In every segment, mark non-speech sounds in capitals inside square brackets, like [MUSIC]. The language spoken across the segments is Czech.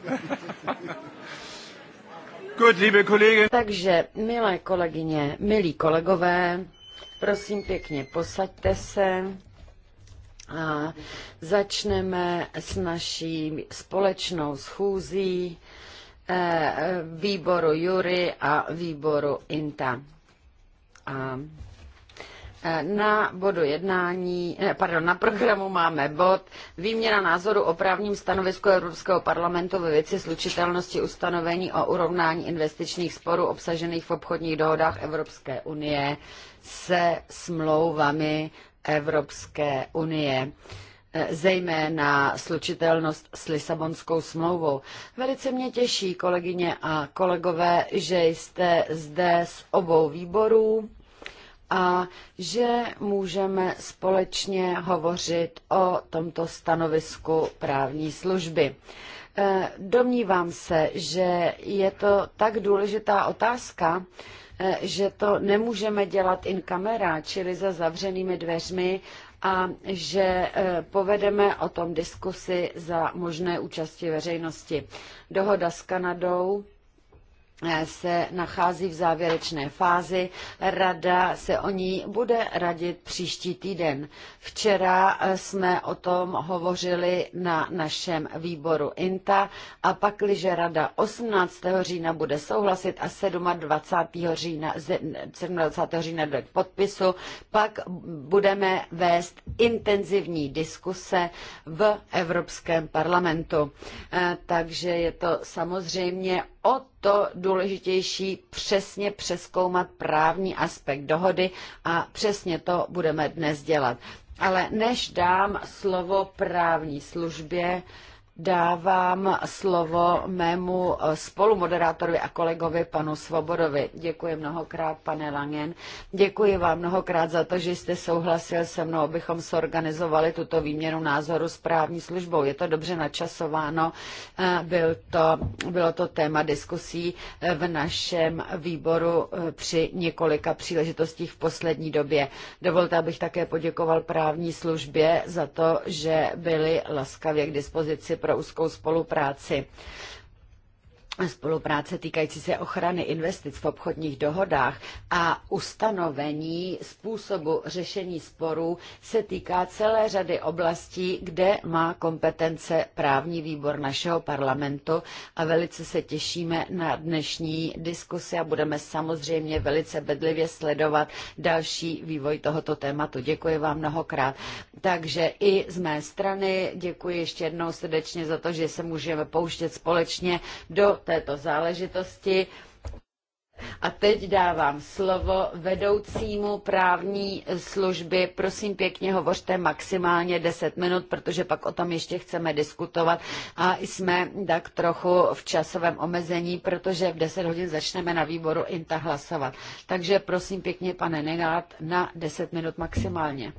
[LAUGHS] Good, liebe Takže, milé kolegyně, milí kolegové, prosím pěkně, posaďte se a začneme s naší společnou schůzí eh, výboru Jury a výboru INTA. A na bodu jednání, ne, pardon, na programu máme bod Výměna názoru o právním stanovisku Evropského parlamentu ve věci slučitelnosti ustanovení o urovnání investičních sporů obsažených v obchodních dohodách Evropské unie se smlouvami Evropské unie eh, zejména slučitelnost s Lisabonskou smlouvou. Velice mě těší, kolegyně a kolegové, že jste zde z obou výborů a že můžeme společně hovořit o tomto stanovisku právní služby. E, domnívám se, že je to tak důležitá otázka, e, že to nemůžeme dělat in camera, čili za zavřenými dveřmi, a že e, povedeme o tom diskusi za možné účasti veřejnosti. Dohoda s Kanadou se nachází v závěrečné fázi. Rada se o ní bude radit příští týden. Včera eh, jsme o tom hovořili na našem výboru INTA a pakliže rada 18. října bude souhlasit a 27. října, 27. října dojde k podpisu, pak budeme vést intenzivní diskuse v Evropském parlamentu. Eh, takže je to samozřejmě o to důležité, důležitější přesně přeskoumat právní aspekt dohody a přesně to budeme dnes dělat. Ale než dám slovo právní službě, dávám slovo mému eh, spolumoderátorovi a kolegovi panu Svobodovi. Děkuji mnohokrát, pane Langen. Děkuji vám mnohokrát za to, že jste souhlasil se mnou, abychom sorganizovali tuto výměnu názoru s právní službou. Je to dobře načasováno. Eh, byl to, bylo to téma diskusí eh, v našem výboru při několika příležitostích v poslední době. Dovolte, abych také poděkoval právní službě za to, že byli laskavě k dispozici pro úzkou spolupráci spolupráce týkající se ochrany investic v obchodních dohodách a ustanovení způsobu řešení sporů se týká celé řady oblastí, kde má kompetence právní výbor našeho parlamentu a velice se těšíme na dnešní diskusi a budeme samozřejmě velice bedlivě sledovat další vývoj tohoto tématu. Děkuji vám mnohokrát. Takže i z mé strany děkuji ještě jednou srdečně za to, že se můžeme pouštět společně do této záležitosti. A teď dávám slovo vedoucímu právní služby. Prosím pěkně, hovořte maximálně 10 minut, protože pak o tom ještě chceme diskutovat. A jsme tak trochu v časovém omezení, protože v 10 hodin začneme na výboru INTA hlasovat. Takže prosím pěkně, pane Negát, na 10 minut maximálně.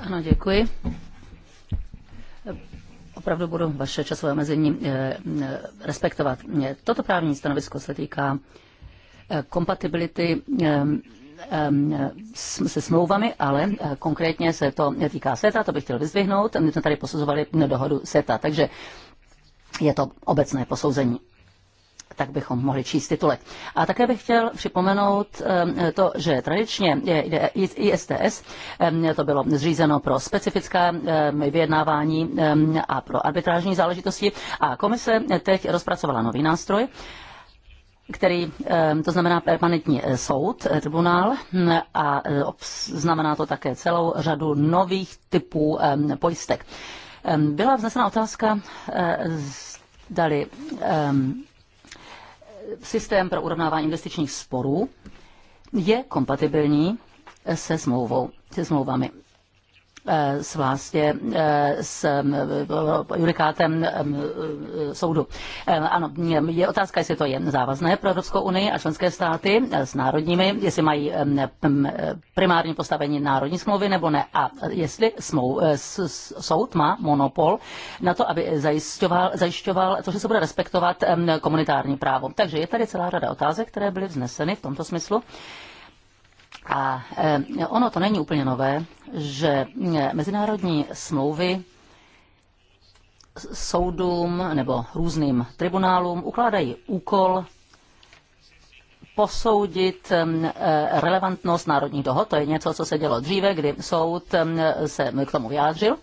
Ano, děkuji opravdu budu vaše časové omezení eh, eh, respektovat. Toto právní stanovisko se týká eh, kompatibility se smlouvami, ale konkrétně se to týká SETA, to bych chtěl vyzvihnout. My jsme tady posuzovali dohodu SETA, takže je to obecné posouzení tak bychom mohli číst titulek. A také bych chtěl připomenout to, že tradičně ISTS, to bylo zřízeno pro specifická vyjednávání a pro arbitrážní záležitosti a komise teď rozpracovala nový nástroj, který, to znamená permanentní e, soud, e, tribunál, hm, a e, znamená to také celou řadu nových typů pojistek. Byla vznesena otázka, dali systém pro urovnávání investičních sporů je kompatibilní se smlouvou, se smlouvami. Eh, s vlastně eh, s eh, judikátem soudu. Ano, je otázka, jestli to je závazné pro Evropskou unii a členské státy s národními, jestli mají primární postavení národní smlouvy nebo ne a jestli smou, soud má monopol na to, aby zajišťoval, zajišťoval to, že se bude respektovat komunitární právo. Takže je tady celá řada otázek, které byly vzneseny v tomto smyslu. A eh, ono to není úplně nové, že eh, mezinárodní smlouvy soudům nebo různým tribunálům ukládají úkol posoudit eh, relevantnost národních dohod. To je něco, co se dělo dříve, kdy soud se k tomu vyjádřil,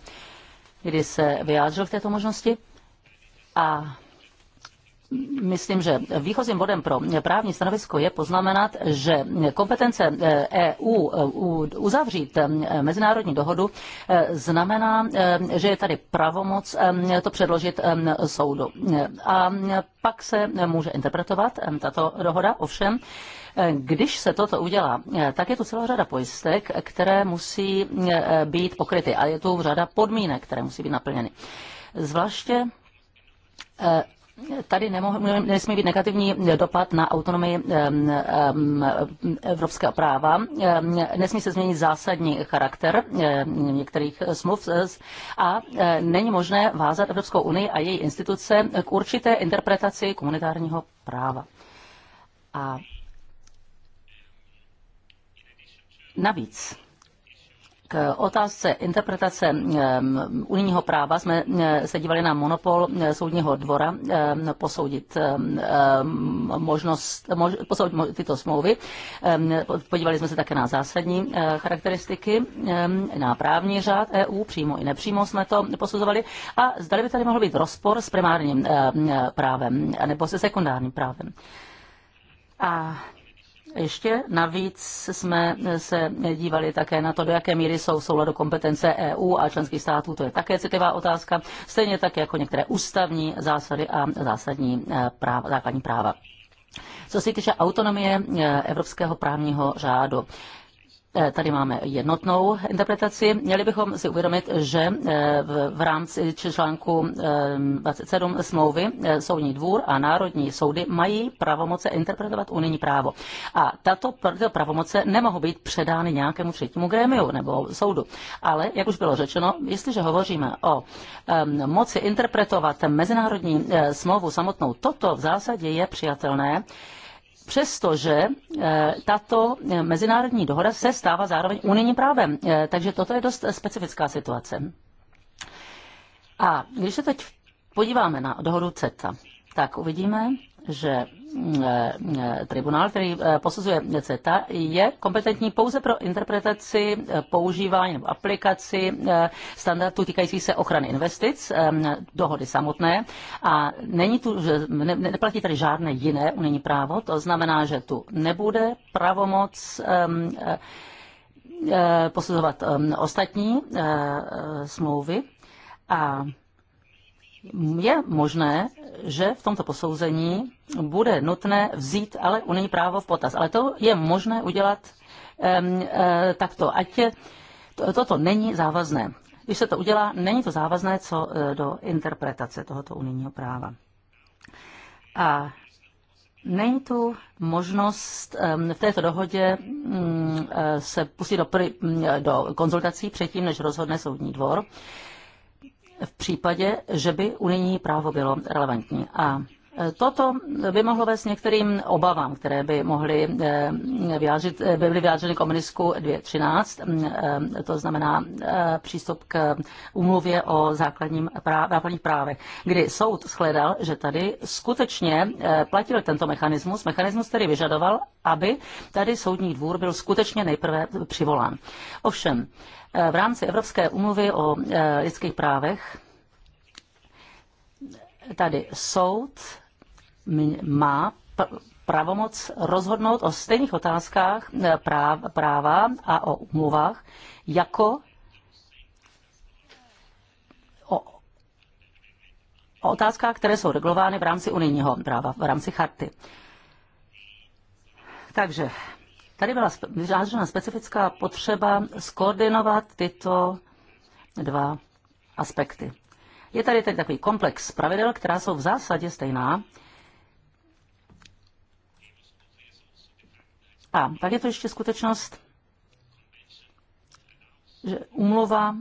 kdy se vyjádřil k této možnosti. A myslím, že výchozím bodem pro právní stanovisko je poznamenat, že kompetence EU eh, e eh, uzavřít eh, mezinárodní dohodu znamená, že je tady pravomoc to předložit soudu. A pak se může interpretovat tato dohoda, ovšem když se toto udělá, tak je tu celá řada pojistek, které musí být pokryty a je tu řada podmínek, které musí být naplněny. Zvláště tady nesmí být negativní dopad na autonomii evropského práva. Nesmí se změnit zásadní charakter některých smluv e, a e, není možné vázat Evropskou unii a její instituce k určité interpretaci komunitárního práva. A navíc k otázce interpretace unijního práva jsme se dívali na monopol soudního dvora posoudit možnost, mož, posoudit tyto smlouvy. Podívali jsme se také na zásadní eh, charakteristiky, na právní řád EU, přímo i nepřímo jsme to posuzovali. A zdali by tady mohl být rozpor s primárním právem nebo se sekundárním právem. A ještě navíc jsme se dívali také na to, do jaké míry jsou v souladu kompetence EU a členských států. To je také citlivá otázka, stejně tak jako některé ústavní zásady a zásadní eh, práva, základní práva. Co se týče autonomie eh, evropského právního řádu, Eh, tady máme jednotnou interpretaci. Měli bychom si uvědomit, že eh, v rámci článku 27 eh, smlouvy Soudní dvůr a národní soudy mají pravomoce interpretovat unijní právo. A tato pravomoce nemohou být předány nějakému třetímu grémiu nebo soudu. Ale, jak už bylo řečeno, jestliže hovoříme o moci interpretovat mezinárodní smlouvu samotnou, toto v zásadě je přijatelné přestože eh, tato eh, mezinárodní dohoda se stává zároveň unijním právem. Eh, takže toto je dost specifická situace. A když se teď podíváme na dohodu CETA, tak uvidíme, že eh, eh, tribunál, který eh, posuzuje CETA, je kompetentní pouze pro interpretaci, používání nebo aplikaci standardů týkajících se ochrany investic, dohody samotné a není tu, že ne, neplatí tady žádné jiné unijní právo, to znamená, že tu nebude pravomoc ehm, posuzovat ehm, ostatní smlouvy a je možné, že v tomto posouzení bude nutné vzít ale unijní právo v potaz. Ale to je možné udělat um, uh, takto, ať je, to, toto není závazné. Když se to udělá, není to závazné co e, do interpretace tohoto unijního práva. A Není tu možnost v této dohodě mm, e, se pustit do, pr- mm, do konzultací předtím, než rozhodne soudní dvor v případě, že by unijní právo bylo relevantní. A Toto by mohlo vést některým obavám, které by mohly eh, vyjádřit, eh, by byly vyjádřeny komunistku 2.13, eh, to znamená přístup k umluvě o základním práv, základních právech, kdy soud shledal, že tady skutečně platil tento mechanismus, mechanismus, který vyžadoval, aby tady soudní dvůr byl skutečně nejprve přivolán. Ovšem, v rámci Evropské umluvy o lidských právech tady soud má pravomoc rozhodnout o stejných otázkách eh, práva a o umluvách jako o, o otázkách, které jsou regulovány v rámci unijního práva, v rámci charty. Takže tady byla vyřádřena specifická potřeba skoordinovat tyto dva aspekty. Je tady tedy takový komplex pravidel, která jsou v zásadě stejná. A pak je to ještě skutečnost, že umlova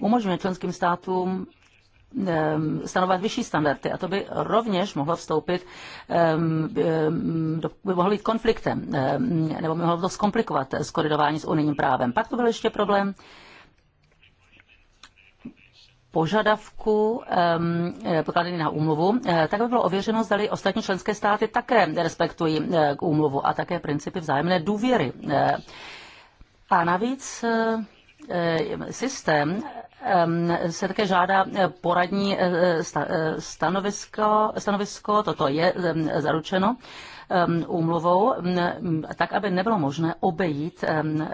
umožňuje členským státům ehm, stanovat vyšší standardy a to by rovněž mohlo vstoupit, ehm, ehm, by mohlo být konfliktem, nebo by mohlo to zkomplikovat skoridování s unijním právem. Pak to byl ještě problém požadavku eh, pokladený na úmluvu, eh, tak by bylo ověřeno, zda ostatní členské státy také respektují k eh, úmluvu a také principy vzájemné důvěry. A navíc systém se také žádá poradní stanovisko, stanovisko, toto je zaručeno, Um, úmluvou, tak aby nebylo možné obejít um, uh,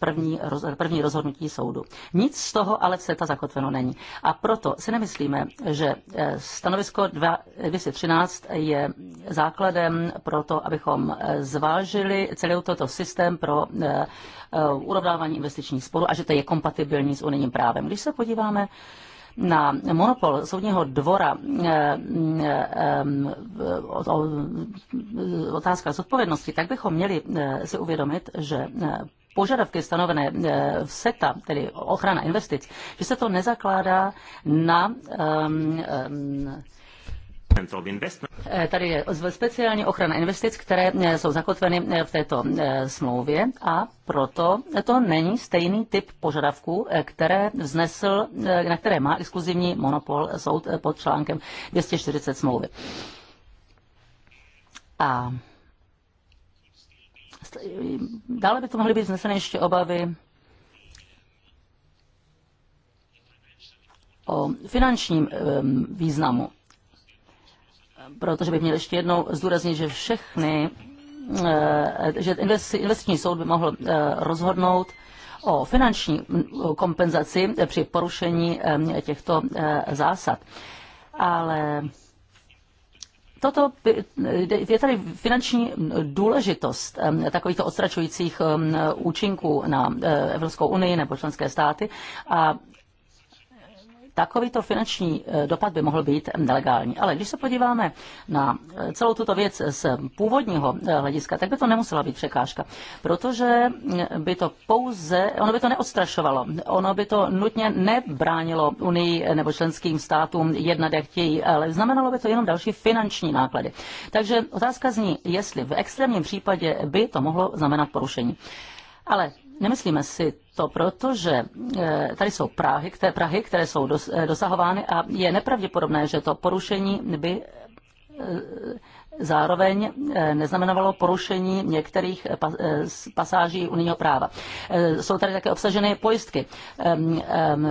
první, první rozhodnutí soudu. Nic z toho ale v CETA zakotveno není. A proto si nemyslíme, že eh, stanovisko 213 je základem pro to, abychom eh, zvážili celý toto systém pro eh, urovnávání investičních sporů a že to je kompatibilní s unijním právem. Když se podíváme na monopol soudního dvora eh, eh, eh, otázka zodpovědnosti, tak bychom měli si uvědomit, že požadavky stanovené v SETA, tedy ochrana investic, že se to nezakládá na um, um, Eh, tady je speciální ochrana investic, které eh, jsou zakotveny eh, v této smlouvě a proto to není stejný typ požadavků, které vznesl, na které má exkluzivní monopol soud pod článkem 240 smlouvy. A dále by to mohly být vzneseny ještě obavy o finančním ehm, významu protože bych měl ještě jednou zdůraznit, že všechny, eh, že investiční soud by mohl eh, rozhodnout o finanční kompenzaci při porušení eh, těchto zásad. Ale toto je tady finanční důležitost takovýchto odstračujících účinků na Evropskou unii nebo členské státy a Takovýto finanční eh, dopad by mohl být nelegální. Ale když se podíváme na eh, celou tuto věc z původního eh, hlediska, tak by to nemusela být překážka, protože mm, by to pouze, ono by to neodstrašovalo, ono by to nutně nebránilo Unii nebo členským státům jednat, jak chtějí, ale znamenalo by to jenom další finanční náklady. Takže otázka zní, jestli v extrémním případě by to mohlo znamenat porušení. Ale nemyslíme si to, proto, že e, tady jsou Prahy, které, Prahy, které jsou e, dosahovány a je nepravděpodobné, že to porušení by e, zároveň neznamenovalo porušení některých pasáží unijního práva. Jsou tady také obsaženy pojistky.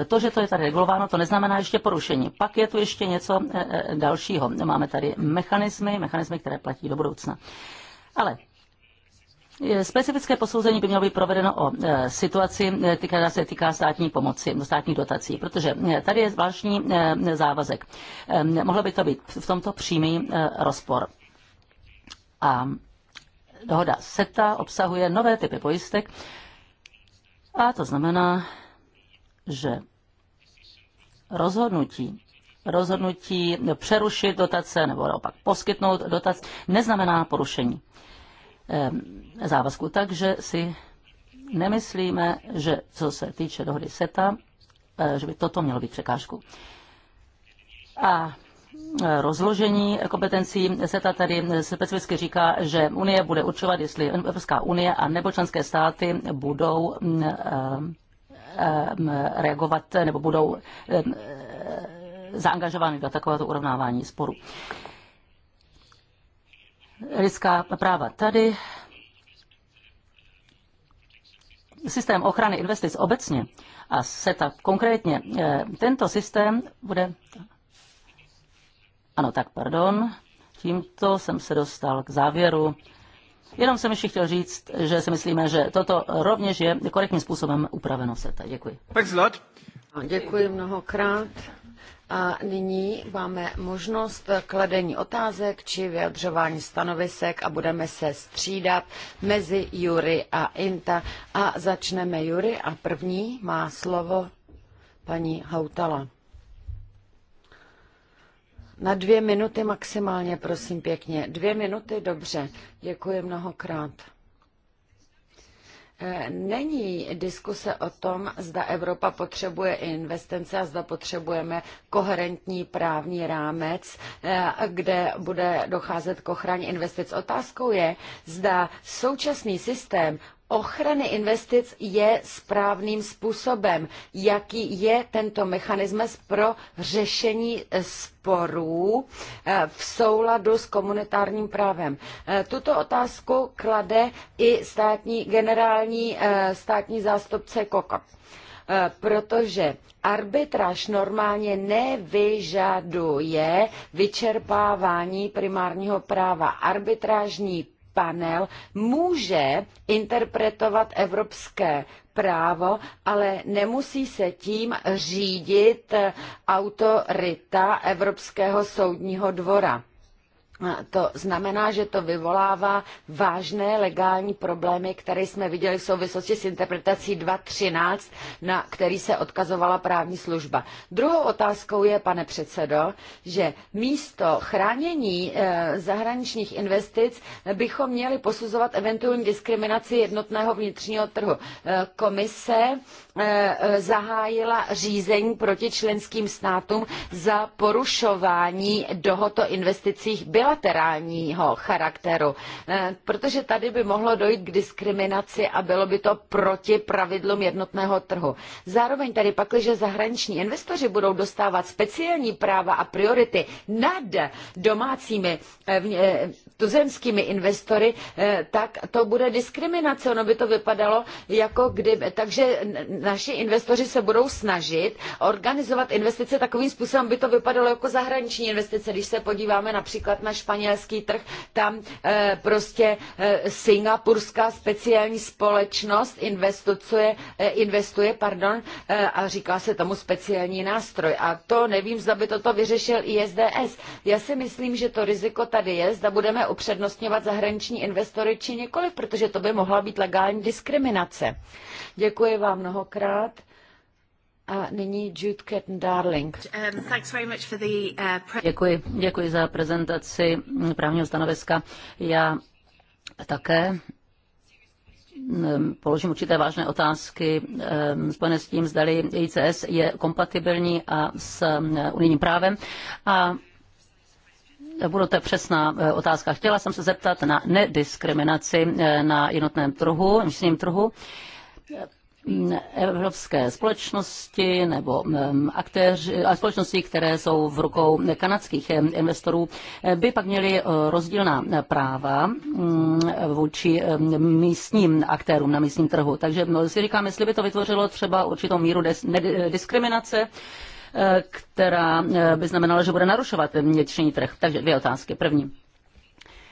To, že to je tady regulováno, to neznamená ještě porušení. Pak je tu ještě něco dalšího. Máme tady mechanismy, mechanismy, které platí do budoucna. Ale Specifické posouzení by mělo být provedeno o e, situaci, e, která se týká státní pomoci, státních dotací, protože e, tady je zvláštní závazek. Mohlo by to být v tomto přímý rozpor. A dohoda SETA obsahuje nové typy pojistek, a to znamená, že rozhodnutí rozhodnutí přerušit dotace nebo naopak poskytnout dotace neznamená porušení závazku. Takže si nemyslíme, že co se týče dohody SETA, eh, že by toto mělo být překážku. A eh, rozložení kompetencí SETA tady specificky říká, že Unie bude určovat, jestli Evropská unie a nebo členské státy budou mm, eh, mm, reagovat nebo budou zaangažovány do takovéto urovnávání sporu lidská práva tady. Systém ochrany investic obecně a SETA konkrétně, eh, tento systém bude... Ano, tak pardon, tímto jsem se dostal k závěru Jenom jsem ještě chtěl říct, že si myslíme, že toto rovněž je korektním způsobem upraveno SETA. Děkuji. Děkuji mnohokrát. A nyní máme možnost kladení otázek či vyjadřování stanovisek a budeme se střídat mezi Jury a Inta. A začneme Jury a první má slovo paní Hautala. Na dvě minuty maximálně, prosím pěkně. Dvě minuty, dobře. Děkuji mnohokrát. E, není diskuse o tom, zda Evropa potřebuje investice a zda potřebujeme koherentní právní rámec, e, kde bude docházet k ochraně investic. Otázkou je, zda současný systém ochrany investic je správným způsobem. Jaký je tento mechanismus pro řešení sporů eh, v souladu s komunitárním právem? Eh, tuto otázku klade i státní, generální eh, státní zástupce Koko, protože arbitráž normálně nevyžaduje vyčerpávání primárního práva. Arbitrážní panel může interpretovat evropské právo, ale nemusí se tím řídit autorita Evropského soudního dvora to znamená, že to vyvolává vážné legální problémy, které jsme viděli v souvislosti s interpretací 2.13, na který se odkazovala právní služba. Druhou otázkou je, pane předsedo, že místo chránění eh, zahraničních investic bychom měli posuzovat eventuální diskriminaci jednotného vnitřního trhu. Eh, komise eh, zahájila řízení proti členským státům za porušování dohod o investicích byl bilaterálního charakteru, eh, protože tady by mohlo dojít k diskriminaci a bylo by to proti pravidlům jednotného trhu. Zároveň tady pak, že zahraniční investoři budou dostávat speciální práva a priority nad domácími eh, eh, tuzemskými investory, tak to bude diskriminace. Ono by to vypadalo jako kdyby. Takže naši investoři se budou snažit organizovat investice takovým způsobem, by to vypadalo jako zahraniční investice. Když se podíváme například na španělský trh, tam eh, prostě eh, singapurská speciální společnost investuje, eh, investuje pardon, a říká se tomu speciální nástroj. A to nevím, zda by toto vyřešil ISDS. Já si myslím, že to riziko tady je, zda budeme upřednostňovat zahraniční investory či nikoliv, protože to by mohla být legální diskriminace. Děkuji vám mnohokrát. A nyní Jude Ketten Darling. Um, uh, děkuji, děkuji za prezentaci právního stanoviska. Já také um, položím určité vážné otázky um, spojené s tím, zdali ICS je kompatibilní a s unijním právem. A Budu to přesná uh, otázka. Chtěla jsem se zeptat na nediskriminaci uh, na jednotném trhu, vnitřním trhu evropské společnosti nebo aktéři, společnosti, které jsou v rukou kanadských investorů, eh, by pak měly eh, rozdílná eh, práva mm, vůči místním aktérům na místním trhu. Takže no, si říkám, jestli by to vytvořilo třeba určitou míru diskriminace, která by znamenala, že bude narušovat vnitřní trh. Takže dvě otázky. První.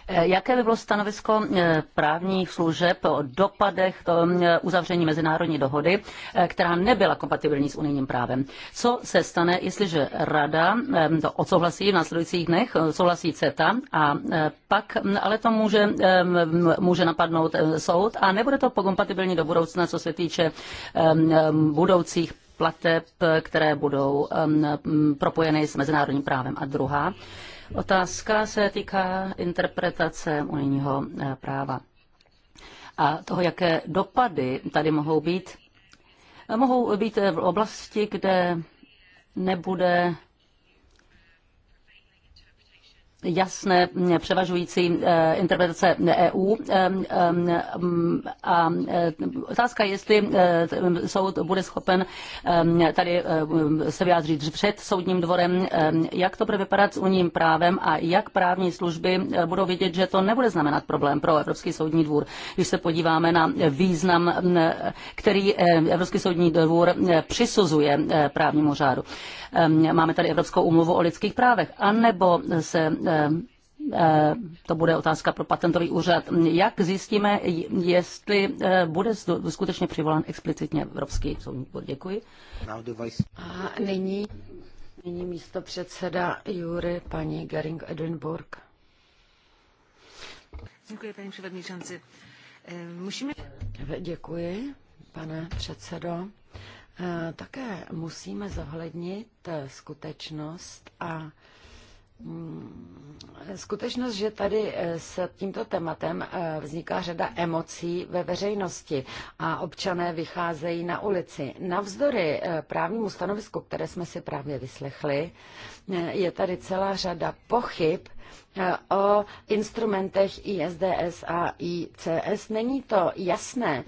Eh, jaké by bylo stanovisko eh, právních služeb o dopadech to eh, uzavření mezinárodní dohody, která nebyla kompatibilní s unijním právem? Co se stane, jestliže Rada to odsouhlasí v následujících dnech, souhlasí CETA a pak hm, ale to může, může napadnout soud a nebude to kompatibilní do budoucna, co se týče hm, budoucích plateb, které budou hm, propojeny s mezinárodním právem. A druhá Otázka se týká interpretace unijního eh, práva a toho, jaké dopady tady mohou být. Eh, mohou být v oblasti, kde nebude jasné mm, převažující eh, interpretace EU. Mm, a eh, otázka, jestli eh, soud bude schopen tady mm, se vyjádřit před soudním dvorem, jak to bude vypadat s unijním právem a jak právní služby budou vidět, že to nebude znamenat problém pro Evropský soudní dvůr, když se podíváme na význam, který Evropský soudní dvůr přisuzuje právnímu řádu. Máme tady Evropskou umluvu o lidských právech, anebo se Eh, eh, to bude otázka pro patentový úřad, jak zjistíme, jestli eh, bude skutečně přivolán explicitně Evropský soudní dvůr. Děkuji. A nyní, nyní místo předseda Jury, paní Gering Edinburgh. Děkuji, paní předsedající. Musíme... Děkuji, pane předsedo. Také musíme zohlednit skutečnost a Mm, skutečnost, že tady eh, s tímto tématem eh, vzniká řada emocí ve veřejnosti a občané vycházejí na ulici. Navzdory eh, právnímu stanovisku, které jsme si právě vyslechli, je tady celá řada pochyb o instrumentech ISDS a ICS. Není to jasné,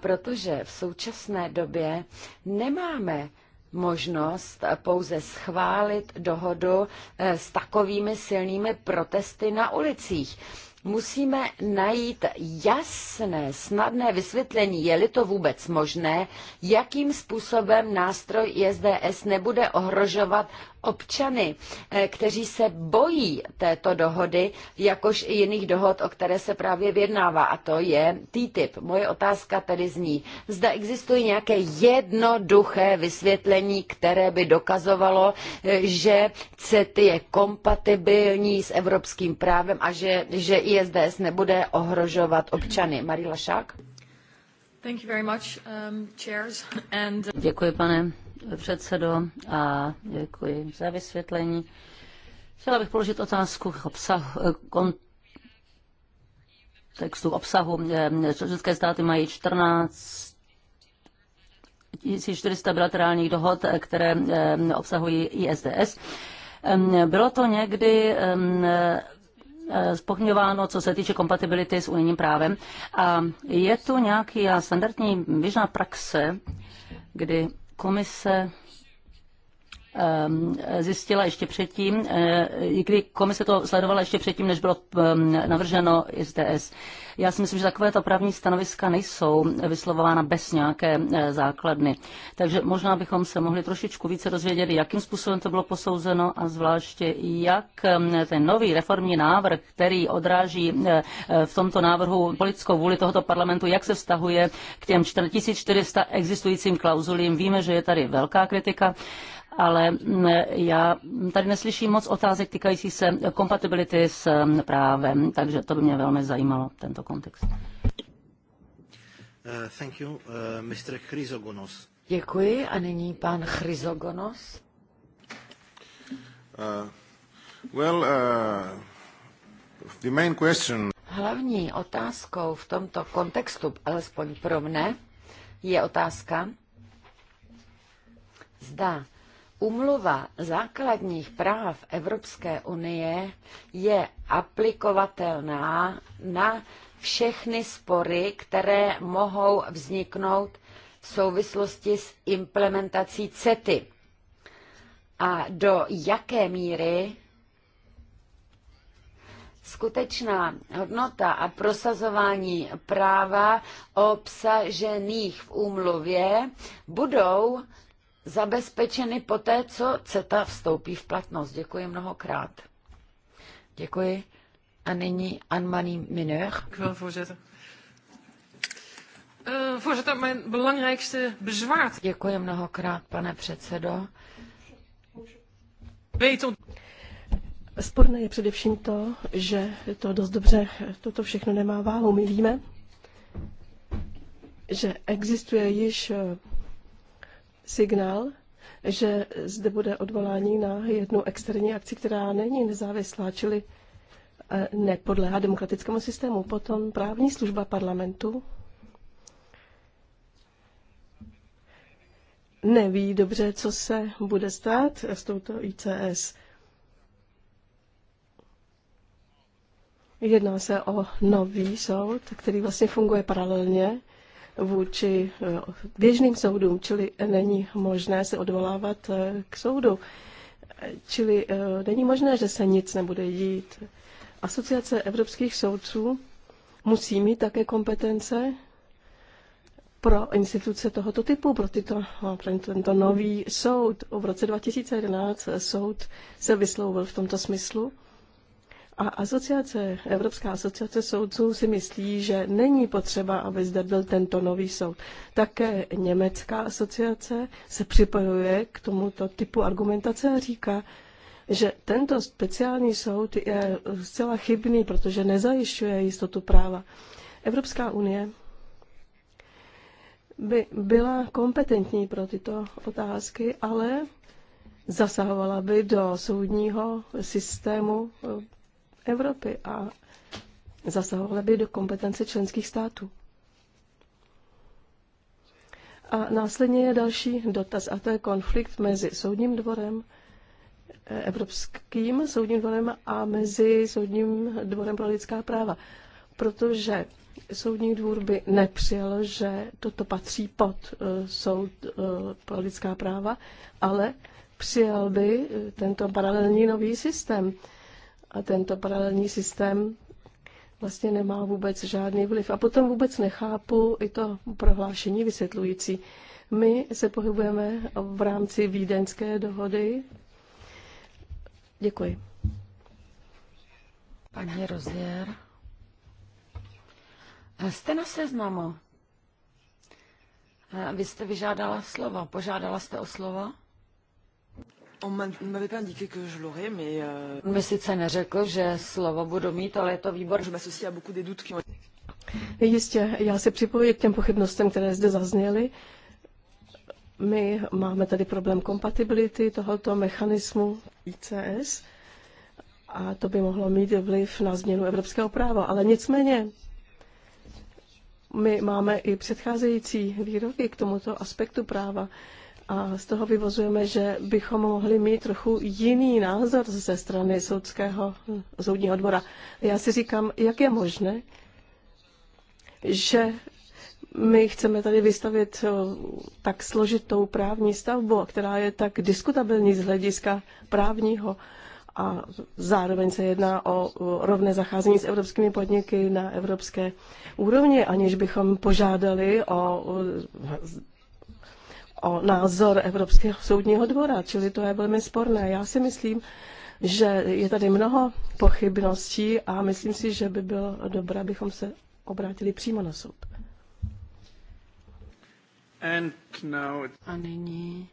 protože v současné době nemáme možnost pouze schválit dohodu eh, s takovými silnými protesty na ulicích. Musíme najít jasné, snadné vysvětlení, je-li to vůbec možné, jakým způsobem nástroj ISDS nebude ohrožovat občany, eh, kteří se bojí této dohody, jakož i jiných dohod, o které se právě vyjednává, a to je TTIP. Moje otázka tedy zní, zda existuje nějaké jednoduché vysvětlení, které by dokazovalo, eh, že CETI je kompatibilní s evropským právem a že, že ISDS nebude ohrožovat občany. Marila Šák? Um, Děkuji, pane předsedo, a děkuji za vysvětlení. Chtěla bych položit otázku k obsahu, eh, kon, textu obsahu. Eh, České státy mají 14 1400 bilaterálních dohod, eh, které obsahují ISDS. Bylo to někdy spochňováno, co se týče kompatibility s unijním právem. A je tu nějaký standardní běžná praxe, kdy komise Ehm, zjistila ještě předtím, eh, kdy komise to sledovala ještě předtím, než bylo ehm, navrženo SDS. Já si myslím, že takové právní stanoviska nejsou vyslovována bez nějaké eh, základny. Takže možná bychom se mohli trošičku více dozvědět, jakým způsobem to bylo posouzeno a zvláště jak ehm, ten nový reformní návrh, který odráží eh, v tomto návrhu politickou vůli tohoto parlamentu, jak se vztahuje k těm 1400 existujícím klauzulím. Víme, že je tady velká kritika ale mm, já tady neslyším moc otázek týkající se kompatibility s mm, právem, takže to by mě velmi zajímalo, tento kontext. Eh, thank you, eh, Mr. Chrysogonos. Děkuji a nyní pan Chrysogonos. Uh, well, uh, the main question... Hlavní otázkou v tomto kontextu, alespoň pro mne, je otázka, zda Umluva základních práv Evropské unie je aplikovatelná na všechny spory, které mohou vzniknout v souvislosti s implementací CETY. A do jaké míry skutečná hodnota a prosazování práva obsažených v úmluvě budou zabezpečeny poté, co CETA vstoupí v platnost. Děkuji mnohokrát. Děkuji. A nyní Anne-Marie Mineur. Eh, Děkuji mnohokrát, pane předsedo. Sporné je především to, že to dost dobře, toto všechno nemá váhu. My víme, že existuje již eh, signál, že zde bude odvolání na jednu externí akci, která není nezávislá, čili eh, nepodléhá demokratickému systému. Potom právní služba parlamentu neví dobře, co se bude stát s touto ICS. Jedná se o nový soud, který vlastně funguje paralelně vůči eh, běžným soudům, čili není možné se odvolávat eh, k soudu. Čili eh, není možné, že se nic nebude dít. Asociace evropských soudců musí mít také kompetence pro instituce tohoto typu, pro, tyto, pro tento nový soud. V roce 2011 soud se vyslouvil v tomto smyslu a asociace, Evropská asociace soudců si myslí, že není potřeba, aby zde byl tento nový soud. Také Německá asociace se připojuje k tomuto typu argumentace a říká, že tento speciální soud je zcela chybný, protože nezajišťuje jistotu práva. Evropská unie by byla kompetentní pro tyto otázky, ale zasahovala by do soudního systému Evropy a zasahovala by do kompetence členských států. A následně je další dotaz, a to je konflikt mezi soudním dvorem, eh, Evropským soudním dvorem a mezi Soudním dvorem pro lidská práva. Protože Soudní dvůr by nepřijal, že toto patří pod eh, soud eh, pro lidská práva, ale přijal by tento paralelní nový systém a tento paralelní systém vlastně nemá vůbec žádný vliv. A potom vůbec nechápu i to prohlášení vysvětlující. My se pohybujeme v rámci vídeňské dohody. Děkuji. Paní Rozier. Jste na seznamu. Vy jste vyžádala slova. Požádala jste o slova? On m'avait pas indiqué que je l'aurais, mais... Euh, On mi sice neřekl, že slovo budu mít, ale je to výbor. Je m'associe à beaucoup des doutes qui ont... Jistě, já se připojuji k těm pochybnostem, které zde zazněly. My máme tady problém kompatibility tohoto mechanismu ICS a to by mohlo mít vliv na změnu evropského práva. Ale nicméně, my máme i předcházející výroky k tomuto aspektu práva. A z toho vyvozujeme, že bychom mohli mít trochu jiný názor ze strany soudského soudního odbora. Já si říkám, jak je možné, že my chceme tady vystavit eh, tak složitou právní stavbu, která je tak diskutabilní z hlediska právního a zároveň se jedná o rovné zacházení s evropskými podniky na evropské úrovni, aniž bychom požádali o o názor Evropského soudního dvora, čili to je velmi sporné. Já si myslím, že je tady mnoho pochybností a myslím si, že by bylo dobré, abychom se obrátili přímo na soud. A nyní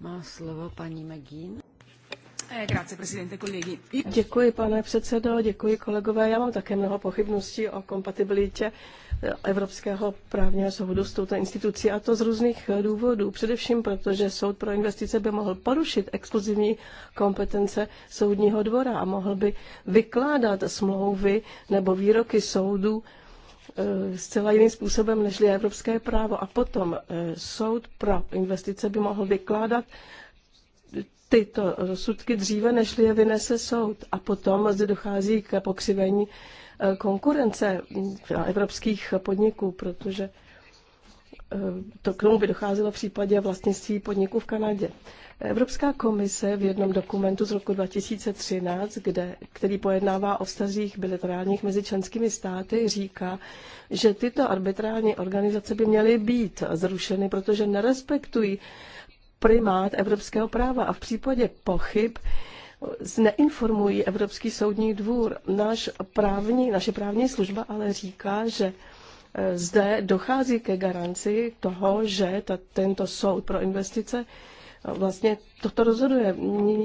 má slovo paní McGinn. Eh, děkuji, pane předsedo, děkuji kolegové. Já mám také mnoho pochybností o kompatibilitě eh, Evropského právního soudu s touto institucí a to z různých eh, důvodů. Především proto, že soud pro investice by mohl porušit exkluzivní kompetence soudního dvora a mohl by vykládat smlouvy nebo výroky soudů zcela jiným způsobem, než je evropské právo. A potom soud pro investice by mohl vykládat tyto rozsudky dříve, než je vynese soud. A potom zde dochází k pokřivení eh, konkurence evropských podniků, protože eh, to k tomu by docházelo v případě vlastnictví podniků v Kanadě. Evropská komise v jednom dokumentu z roku 2013, kde, který pojednává o vztazích bilaterálních mezi členskými státy, říká, že tyto arbitrální organizace by měly být zrušeny, protože nerespektují primát evropského práva a v případě pochyb neinformují Evropský soudní dvůr. Náš právní, naše právní služba ale říká, že e, zde dochází ke garanci toho, že ta, tento soud pro investice e, vlastně toto rozhoduje.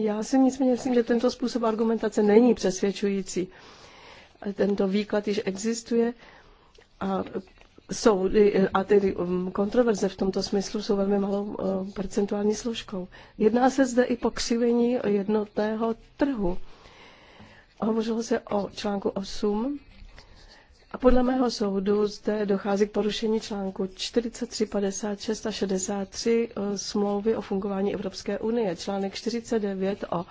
Já si nicméně myslím, že tento způsob argumentace není přesvědčující. Tento výklad již existuje a soudy a tedy um, kontroverze v tomto smyslu jsou velmi malou uh, procentuální složkou. Jedná se zde i pokřivení jednotného trhu. Hovořilo se o článku 8 a podle mého soudu zde dochází k porušení článku 43, 56 a 63 uh, smlouvy o fungování Evropské unie. Článek 49 o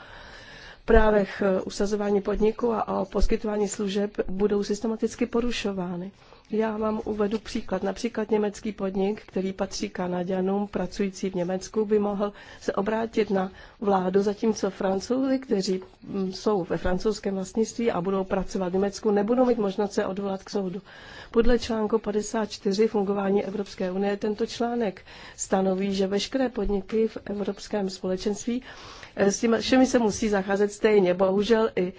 právech uh, usazování podniku a o poskytování služeb budou systematicky porušovány. Já vám uvedu příklad. Například německý podnik, který patří Kanaďanům, pracující v Německu, by mohl se obrátit na vládu, zatímco francouzi, kteří mm, jsou ve francouzském vlastnictví a budou pracovat v Německu, nebudou mít možnost se odvolat k soudu. Podle článku 54 fungování Evropské unie tento článek stanoví, že veškeré podniky v Evropském společenství eh, s těmi všemi se musí zacházet stejně. Bohužel i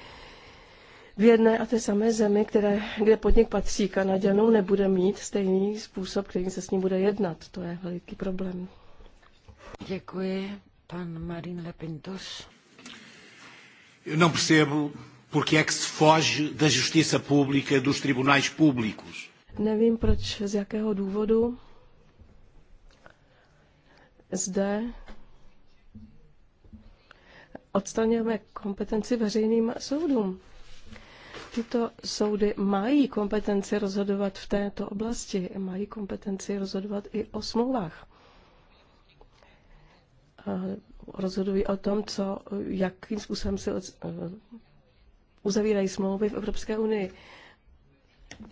v jedné a té samé zemi, které, kde podnik patří Kanaděnům, nebude mít stejný způsob, kterým se s ním bude jednat. To je veliký problém. Děkuji, pan Marin Lepintos. não percebo porque é que se foge da justiça pública e dos tribunais públicos. Nevím proč, z jakého důvodu zde odstraňujeme kompetenci veřejným soudům tyto soudy mají kompetenci rozhodovat v této oblasti, mají kompetenci rozhodovat i o smlouvách. Rozhodují o tom, co, jakým způsobem se eh, uzavírají smlouvy v Evropské unii.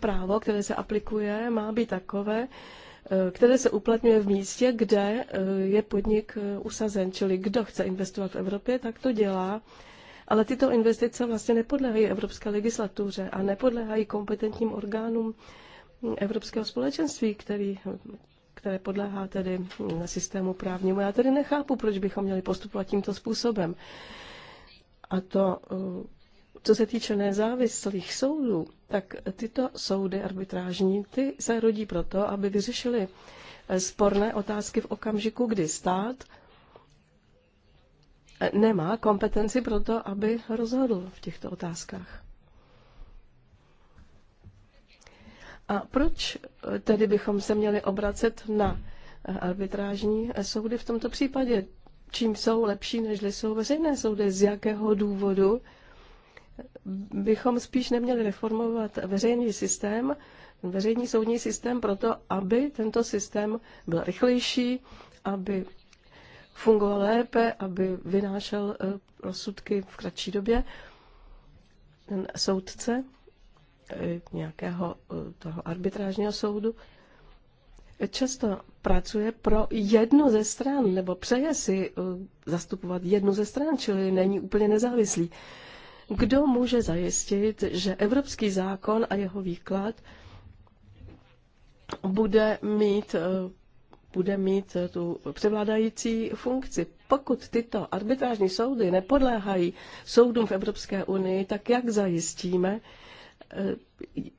Právo, které se aplikuje, má být takové, eh, které se uplatňuje v místě, kde eh, je podnik usazen. Čili kdo chce investovat v Evropě, tak to dělá ale tyto investice vlastně nepodléhají evropské legislatuře a nepodléhají kompetentním orgánům Evropského společenství, který, které podléhá tedy na systému právnímu. Já tedy nechápu, proč bychom měli postupovat tímto způsobem. A to, co se týče nezávislých soudů, tak tyto soudy arbitrážní, ty se rodí proto, aby vyřešili sporné otázky v okamžiku, kdy stát nemá kompetenci pro to, aby rozhodl v těchto otázkách. A proč tedy bychom se měli obracet na arbitrážní soudy v tomto případě? Čím jsou lepší, než jsou veřejné soudy? Z jakého důvodu bychom spíš neměli reformovat veřejný systém, veřejný soudní systém proto, aby tento systém byl rychlejší, aby fungoval lépe, aby vynášel eh, rozsudky v kratší době. Ten soudce eh, nějakého eh, toho arbitrážního soudu často pracuje pro jednu ze stran, nebo přeje si zastupovat jednu ze stran, čili není úplně nezávislý. Kdo může zajistit, že evropský zákon a jeho výklad bude mít bude mít tu převládající funkci. Pokud tyto arbitrážní soudy nepodléhají soudům v Evropské unii, tak jak zajistíme eh,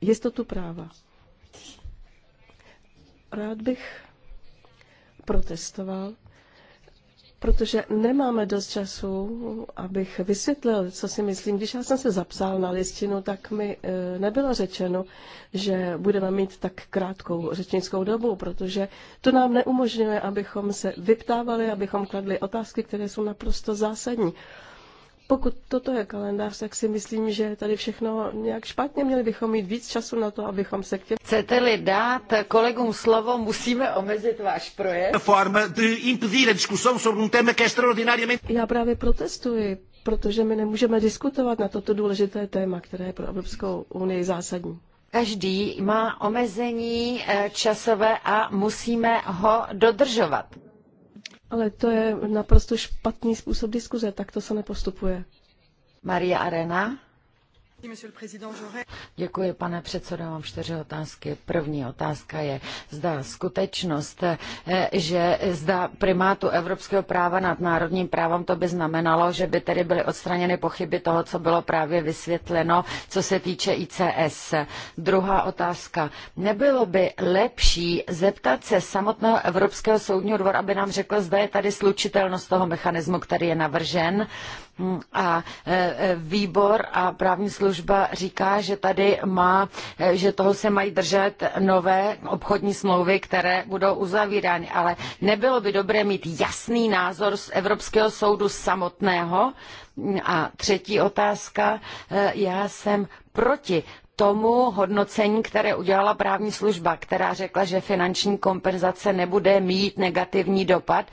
jistotu práva? Rád bych protestoval protože nemáme dost času, abych vysvětlil, co si myslím. Když já jsem se zapsal na listinu, tak mi e, nebylo řečeno, že budeme mít tak krátkou řečnickou dobu, protože to nám neumožňuje, abychom se vyptávali, abychom kladli otázky, které jsou naprosto zásadní. Pokud toto je kalendář, tak si myslím, že tady všechno nějak špatně. Měli bychom mít víc času na to, abychom se k těm... Chcete-li dát kolegům slovo, musíme omezit váš projekt. Forma um Já právě protestuji, protože my nemůžeme diskutovat na toto důležité téma, které je pro Evropskou unii zásadní. Každý má omezení eh, časové a musíme ho dodržovat. Ale to je naprosto špatný způsob diskuze, tak to se nepostupuje. Maria Arena. Děkuji, pane předsedo, mám čtyři otázky. První otázka je, zda skutečnost, eh, že zda primátu evropského práva nad národním právem, to by znamenalo, že by tedy byly odstraněny pochyby toho, co bylo právě vysvětleno, co se týče ICS. Druhá otázka. Nebylo by lepší zeptat se samotného Evropského soudního dvora, aby nám řekl, zda je tady slučitelnost toho mechanismu, který je navržen hm, a eh, eh, výbor a právní služba služba říká, že tady má, eh, že toho se mají držet nové obchodní smlouvy, které budou uzavírány. Ale nebylo by dobré mít jasný názor z Evropského soudu samotného? A třetí otázka, eh, já jsem proti tomu hodnocení, které udělala právní služba, která řekla, že finanční kompenzace nebude mít negativní dopad.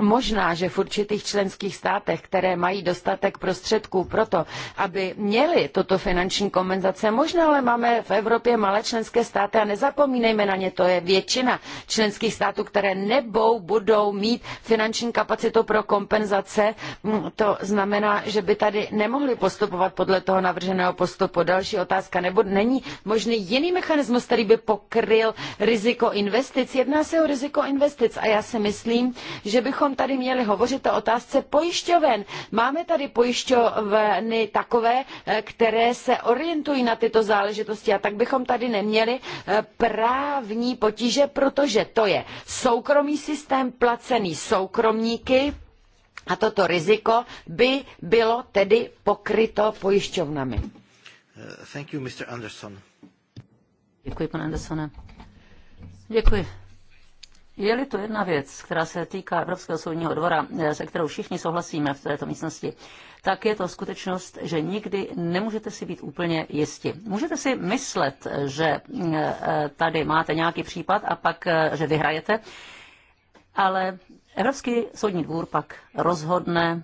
Možná, že v určitých členských státech, které mají dostatek prostředků pro to, aby měli toto finanční kompenzace, možná ale máme v Evropě malé členské státy a nezapomínejme na ně, to je většina členských států, které nebou budou mít finanční kapacitu pro kompenzace. To znamená, že by tady nemohli postupovat podle toho navrženého postupu. Další otázka, nebo nebo není možný jiný mechanismus, který by pokryl riziko investic. Jedná se o riziko investic a já si myslím, že bychom tady měli hovořit o otázce pojišťoven. Máme tady pojišťovny takové, eh, které se orientují na tyto záležitosti a tak bychom tady neměli eh, právní potíže, protože to je soukromý systém placený soukromníky, a toto riziko by bylo tedy pokryto pojišťovnami. Uh, thank you, Mr. Anderson. Děkuji, pane Andersone. Děkuji. Je-li to jedna věc, která se týká Evropského soudního dvora, eh, se kterou všichni souhlasíme v této místnosti, tak je to skutečnost, že nikdy nemůžete si být úplně jisti. Můžete si myslet, že eh, tady máte nějaký případ a pak, eh, že vyhrajete, ale Evropský soudní dvůr pak rozhodne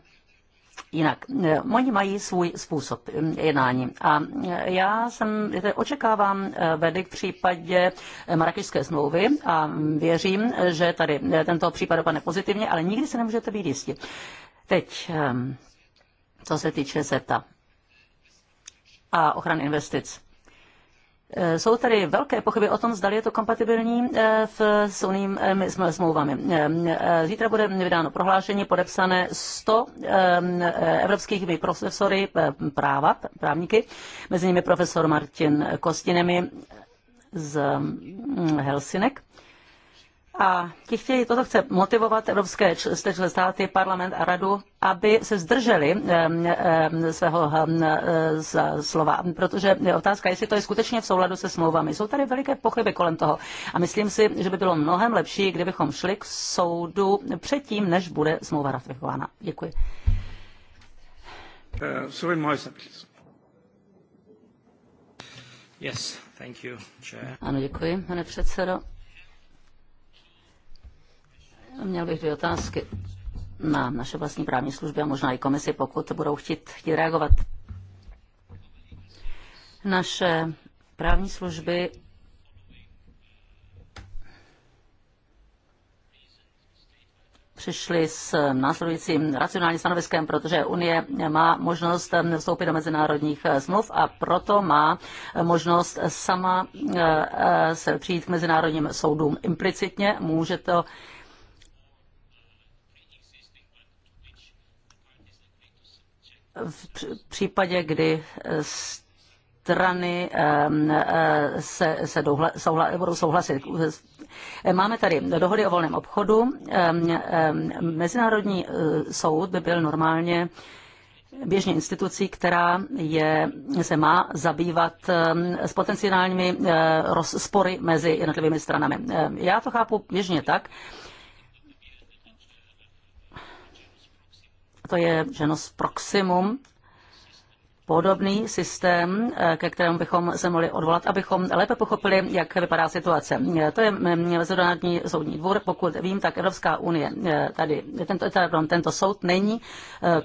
jinak. Eh, oni mají svůj způsob eh, jednání. A eh, já jsem, očekávám vedy k případě Marrakešské smlouvy a mm, věřím, že tady tento případ dopadne pozitivně, ale nikdy se nemůžete být jistí. Teď, co se týče SETA a ochrany investic. Eh, jsou tady velké pochyby o tom, zda je to kompatibilní eh, v, s unijními eh, smlouvami. Zítra bude vydáno prohlášení podepsané 100 evropskými profesory práva, právníky, mezi nimi profesor Martin Kostinemi z mm, Helsinek a ti chtějí, toto chce motivovat evropské členské státy, parlament a radu, aby se zdrželi svého e, slova. Protože je otázka, jestli to je skutečně v souladu se smlouvami. Jsou tady veliké pochyby kolem toho. A myslím si, že by bylo mnohem lepší, kdybychom šli k soudu předtím, než bude smlouva ratifikována. Děkuji. Uh, yes, thank you, chair. Ano, děkuji, pane předsedo. Měl bych dvě otázky na naše vlastní právní služby a možná i komisi, pokud budou chtít, chtít reagovat. Naše právní služby přišli s následujícím racionálním stanoviskem, protože Unie má možnost vstoupit do mezinárodních smluv a proto má možnost sama eh, eh, se přijít k mezinárodním soudům implicitně. Může to v případě, kdy eh, strany eh, se, se souhla, budou souhlasit. Eh, máme tady dohody o volném obchodu. Mezinárodní soud by byl normálně běžně institucí, která je, se má zabývat s potenciálními rozpory mezi jednotlivými stranami. Já to chápu běžně tak, to je ženos proximum, podobný systém, eh, ke kterému bychom se mohli odvolat, abychom lépe pochopili, jak vypadá situace. Eh, to je mm, Mezinárodní soudní dvůr. Pokud vím, tak Evropská unie eh, tady, tento, pardon, tento soud není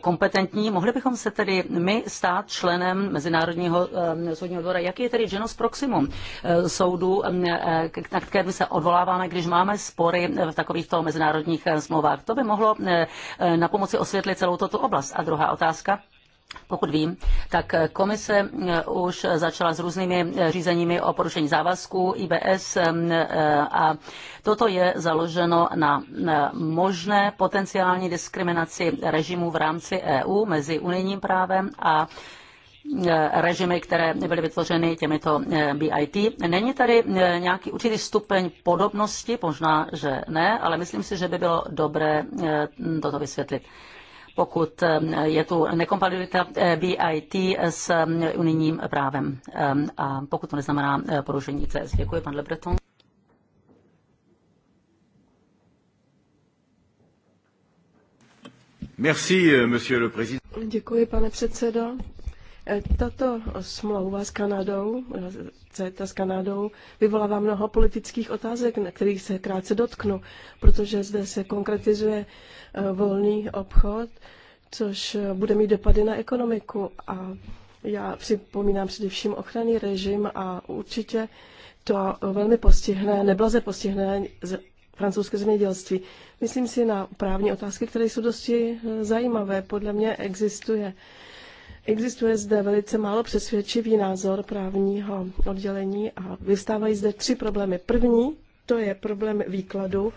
kompetentní. Mohli bychom se tedy my stát členem Mezinárodního soudního dvora. Jaký je tedy genus proximum soudu, mm, na které by se odvoláváme, když máme spory v takovýchto mezinárodních smlouvách? To by mohlo na pomoci osvětlit celou toto oblast. A druhá otázka pokud vím, tak komise eh, už začala s různými eh, řízeními o porušení závazků IBS mm, eh, a toto je založeno na možné potenciální diskriminaci režimu v rámci EU mezi unijním právem a režimy, které byly vytvořeny těmito BIT. Není tady nějaký určitý stupeň podobnosti, možná, že ne, ale myslím si, že by bylo dobré toto vysvětlit pokud eh, je tu nekompatibilita eh, BIT s eh, unijním právem a pokud to neznamená porušení CS. Děkuji, pan Lebreton. Merci, monsieur le président. Děkuji, pane předsedo. Tato smlouva s Kanadou, CETA s Kanadou, vyvolává mnoho politických otázek, na kterých se krátce dotknu, protože zde se konkretizuje eh, volný obchod, což eh, bude mít dopady na ekonomiku. A já připomínám především ochranný režim a určitě to velmi postihne, neblaze postihne francouzské zemědělství. Myslím si na právní otázky, které jsou dosti eh, zajímavé. Podle mě existuje Existuje zde velice málo přesvědčivý názor právního oddělení a vystávají zde tři problémy. První, to je problém výkladu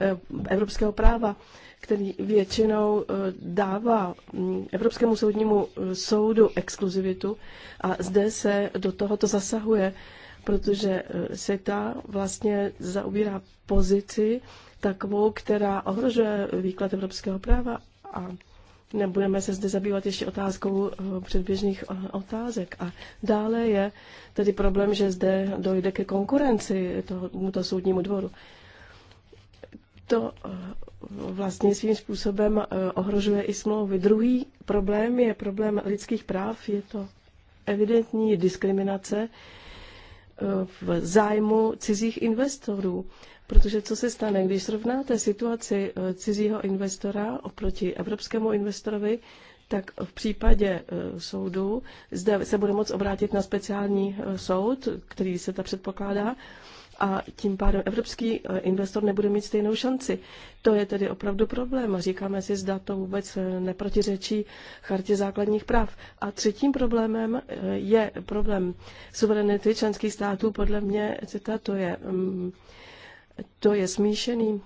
eh, evropského práva, který většinou eh, dává mm, Evropskému soudnímu eh, soudu exkluzivitu a zde se do tohoto zasahuje, protože SETA vlastně zaobírá pozici takovou, která ohrožuje výklad evropského práva a nebudeme se zde zabývat ještě otázkou eh, předběžných eh, otázek. A dále je tedy problém, že zde dojde ke konkurenci tomuto soudnímu dvoru. To eh, vlastně svým způsobem ohrožuje i smlouvy. Druhý problém je problém lidských práv, je to evidentní diskriminace v zájmu cizích investorů. Protože co se stane, když srovnáte situaci eh, cizího investora oproti evropskému investorovi, tak v případě eh, soudu zde se bude moct obrátit na speciální eh, soud, který se ta předpokládá, a tím pádem evropský eh, investor nebude mít stejnou šanci. To je tedy opravdu problém a říkáme si, zda to vůbec eh, neprotiřečí chartě základních práv. A třetím problémem eh, je problém suverenity členských států, podle mě cita, to je mm, to je smíšený mm,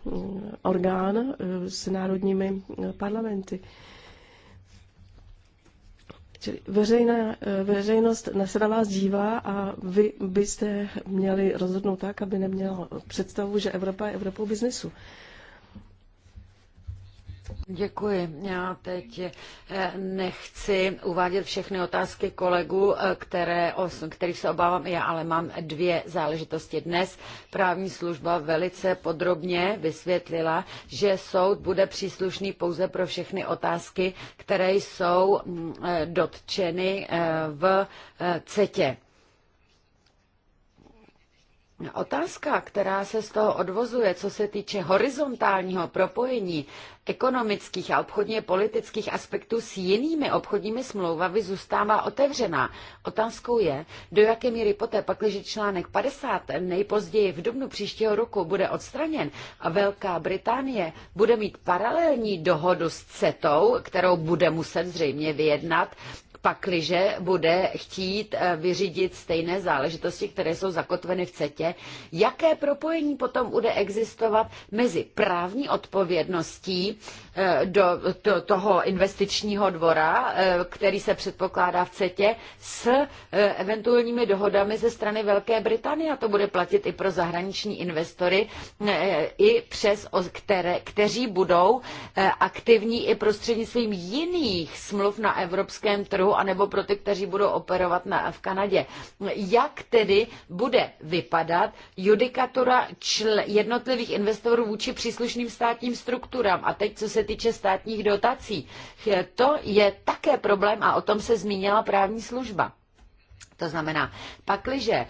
orgán s národními parlamenty. Čili veřejná, eh, veřejnost se na vás dívá a vy byste měli rozhodnout tak, aby neměl představu, že Evropa je Evropou biznesu. Děkuji. Já teď eh, nechci uvádět všechny otázky kolegů, eh, které, kterých se obávám já, ale mám dvě záležitosti. Dnes právní služba velice podrobně vysvětlila, že soud bude příslušný pouze pro všechny otázky, které jsou mm, eh, dotčeny v CETě. Otázka, která se z toho odvozuje, co se týče horizontálního propojení ekonomických a obchodně politických aspektů s jinými obchodními smlouvami, zůstává otevřená. Otázkou je, do jaké míry poté, pakliže článek 50 nejpozději v dubnu příštího roku bude odstraněn a Velká Británie bude mít paralelní dohodu s CETou, kterou bude muset zřejmě vyjednat pakliže bude chtít eh, vyřídit stejné záležitosti, které jsou zakotveny v CETě, jaké propojení potom bude existovat mezi právní odpovědností Eh, do toho investičního dvora, eh, který se předpokládá v CETě, s eh, eventuálními dohodami ze strany Velké Británie. A to bude platit i pro zahraniční investory, i přes, které, kteří budou aktivní i prostřednictvím jiných smluv na evropském trhu, anebo pro ty, kteří budou operovat na, v Kanadě. Jak tedy bude vypadat judikatura čl, jednotlivých investorů vůči příslušným státním strukturám? A teď, co se týče státních dotací. To je také problém a o tom se zmínila právní služba. To znamená, pakliže e,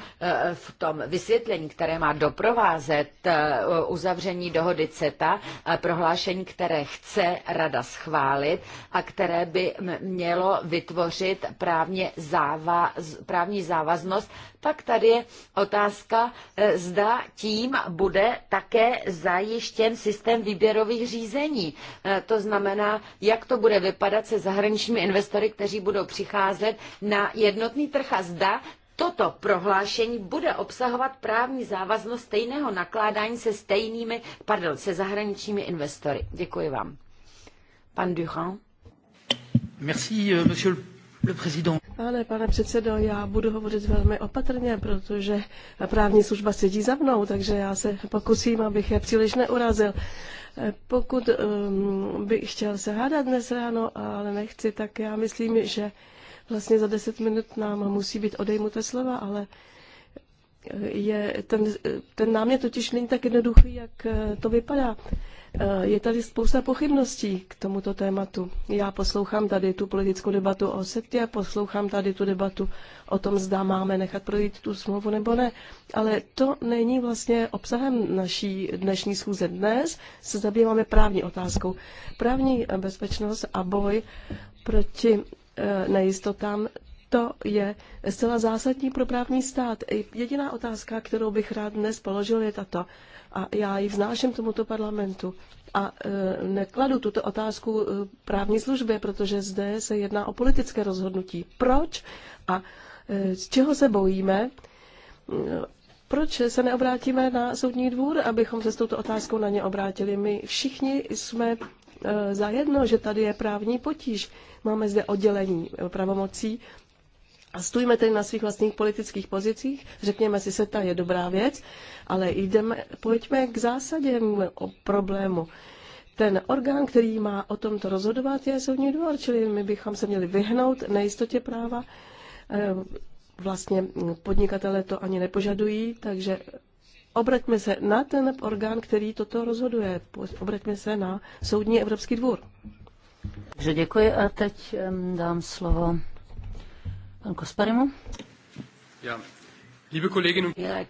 v tom vysvětlení, které má doprovázet e, uzavření dohody CETA, e, prohlášení, které chce Rada schválit a které by mělo vytvořit právně závaz, právní závaznost pak tady je otázka, e, zda tím bude také zajištěn systém výběrových řízení. E, to znamená, jak to bude vypadat se zahraničními investory, kteří budou přicházet na jednotný trh a zda Toto prohlášení bude obsahovat právní závaznost stejného nakládání se stejnými, pardon, se zahraničními investory. Děkuji vám. Pan Durand. Merci, euh, monsieur le président. Ano, pane předsedo, já budu hovořit velmi opatrně, protože právní služba sedí za mnou, takže já se pokusím, abych je příliš neurazil. Pokud um, bych chtěl se hádat dnes ráno, ale nechci, tak já myslím, že vlastně za deset minut nám musí být odejmuté slova, ale je, ten, ten námět totiž není tak jednoduchý, jak eh, to vypadá. Eh, je tady spousta pochybností k tomuto tématu. Já poslouchám tady tu politickou debatu o sektě, poslouchám tady tu debatu o tom, zda máme nechat projít tu smlouvu nebo ne. Ale to není vlastně obsahem naší dnešní schůze. Dnes se zabýváme právní otázkou. Právní bezpečnost a boj proti eh, nejistotám, to je zcela zásadní pro právní stát. Jediná otázka, kterou bych rád dnes položil, je tato a já ji vznáším tomuto parlamentu. A e, nekladu tuto otázku e, právní službě, protože zde se jedná o politické rozhodnutí. Proč a e, z čeho se bojíme? E, proč se neobrátíme na soudní dvůr, abychom se s touto otázkou na ně obrátili? My všichni jsme e, zajedno, že tady je právní potíž. Máme zde oddělení pravomocí a stůjme tedy na svých vlastních politických pozicích, řekněme si, SETA je dobrá věc, ale jdeme, pojďme k zásadě o problému. Ten orgán, který má o tomto rozhodovat, je soudní dvor, čili my bychom se měli vyhnout nejistotě práva. Ehm, vlastně podnikatele to ani nepožadují, takže obraťme se na ten orgán, který toto rozhoduje. Obraťme se na Soudní Evropský dvůr. Takže děkuji a teď ehm, dám slovo Pan Kosparimu? Já.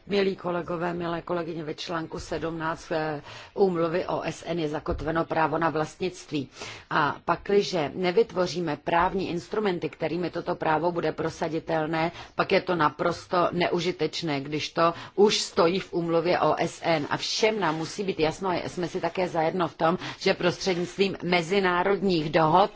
Milí kolegové, milé kolegyně, ve článku 17 eh, úmluvy OSN je zakotveno právo na vlastnictví. A pakliže nevytvoříme právní instrumenty, kterými toto právo bude prosaditelné, pak je to naprosto neužitečné, když to už stojí v úmluvě OSN. A všem nám musí být jasno, jsme si také zajedno v tom, že prostřednictvím mezinárodních dohod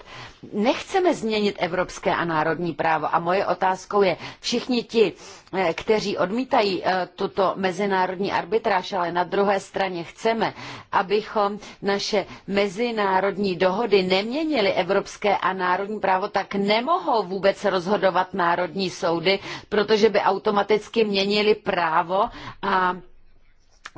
nechceme změnit evropské a národní právo. A moje otázkou je, všichni ti, eh, kteří odmítají eh, tuto mezinárodní arbitráž, ale na druhé straně chceme, abychom naše mezinárodní dohody neměnili evropské a národní právo, tak nemohou vůbec rozhodovat národní soudy, protože by automaticky měnili právo a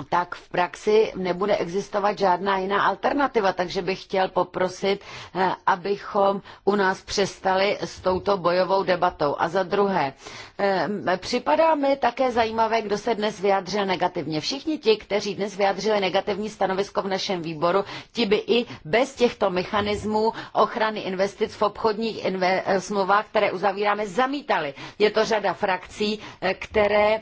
tak v praxi nebude existovat žádná jiná alternativa, takže bych chtěl poprosit, eh, abychom u nás přestali s touto bojovou debatou. A za druhé, eh, připadá mi také zajímavé, kdo se dnes vyjádřil negativně. Všichni ti, kteří dnes vyjádřili negativní stanovisko v našem výboru, ti by i bez těchto mechanismů ochrany investic v obchodních inve- eh, smlouvách, které uzavíráme, zamítali. Je to řada frakcí, které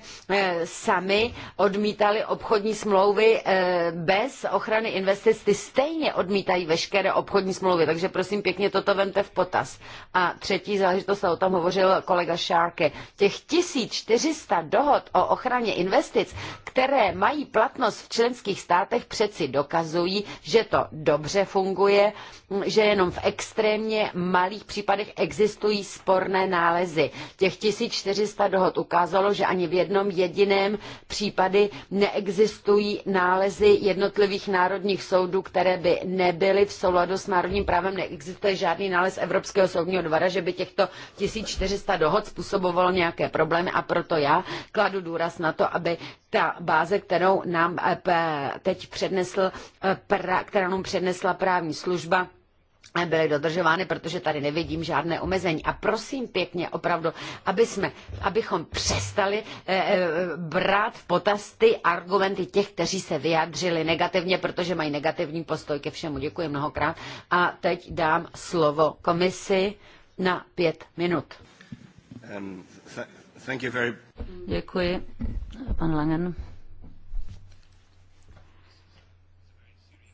sami odmítali obchodní obchodní smlouvy eh, bez ochrany investic, ty stejně odmítají veškeré obchodní smlouvy, takže prosím pěkně toto vemte v potaz. A třetí záležitost, a o tom hovořil kolega Šárke, těch 1400 dohod o ochraně investic, které mají platnost v členských státech, přeci dokazují, že to dobře funguje, že jenom v extrémně malých případech existují sporné nálezy. Těch 1400 dohod ukázalo, že ani v jednom jediném případy neexistuje existují nálezy jednotlivých národních soudů, které by nebyly v souladu s národním právem. Neexistuje žádný nález Evropského soudního dvora, že by těchto 1400 dohod způsobovalo nějaké problémy a proto já kladu důraz na to, aby ta báze, kterou nám eh, teď přednesl, eh, která nám přednesla právní služba, byly dodržovány, protože tady nevidím žádné omezení. A prosím pěkně, opravdu, aby jsme, abychom přestali eh, eh, brát v potaz ty argumenty těch, kteří se vyjadřili negativně, protože mají negativní postoj ke všemu. Děkuji mnohokrát. A teď dám slovo komisi na pět minut. Um, th thank you very... Děkuji, pan Langen.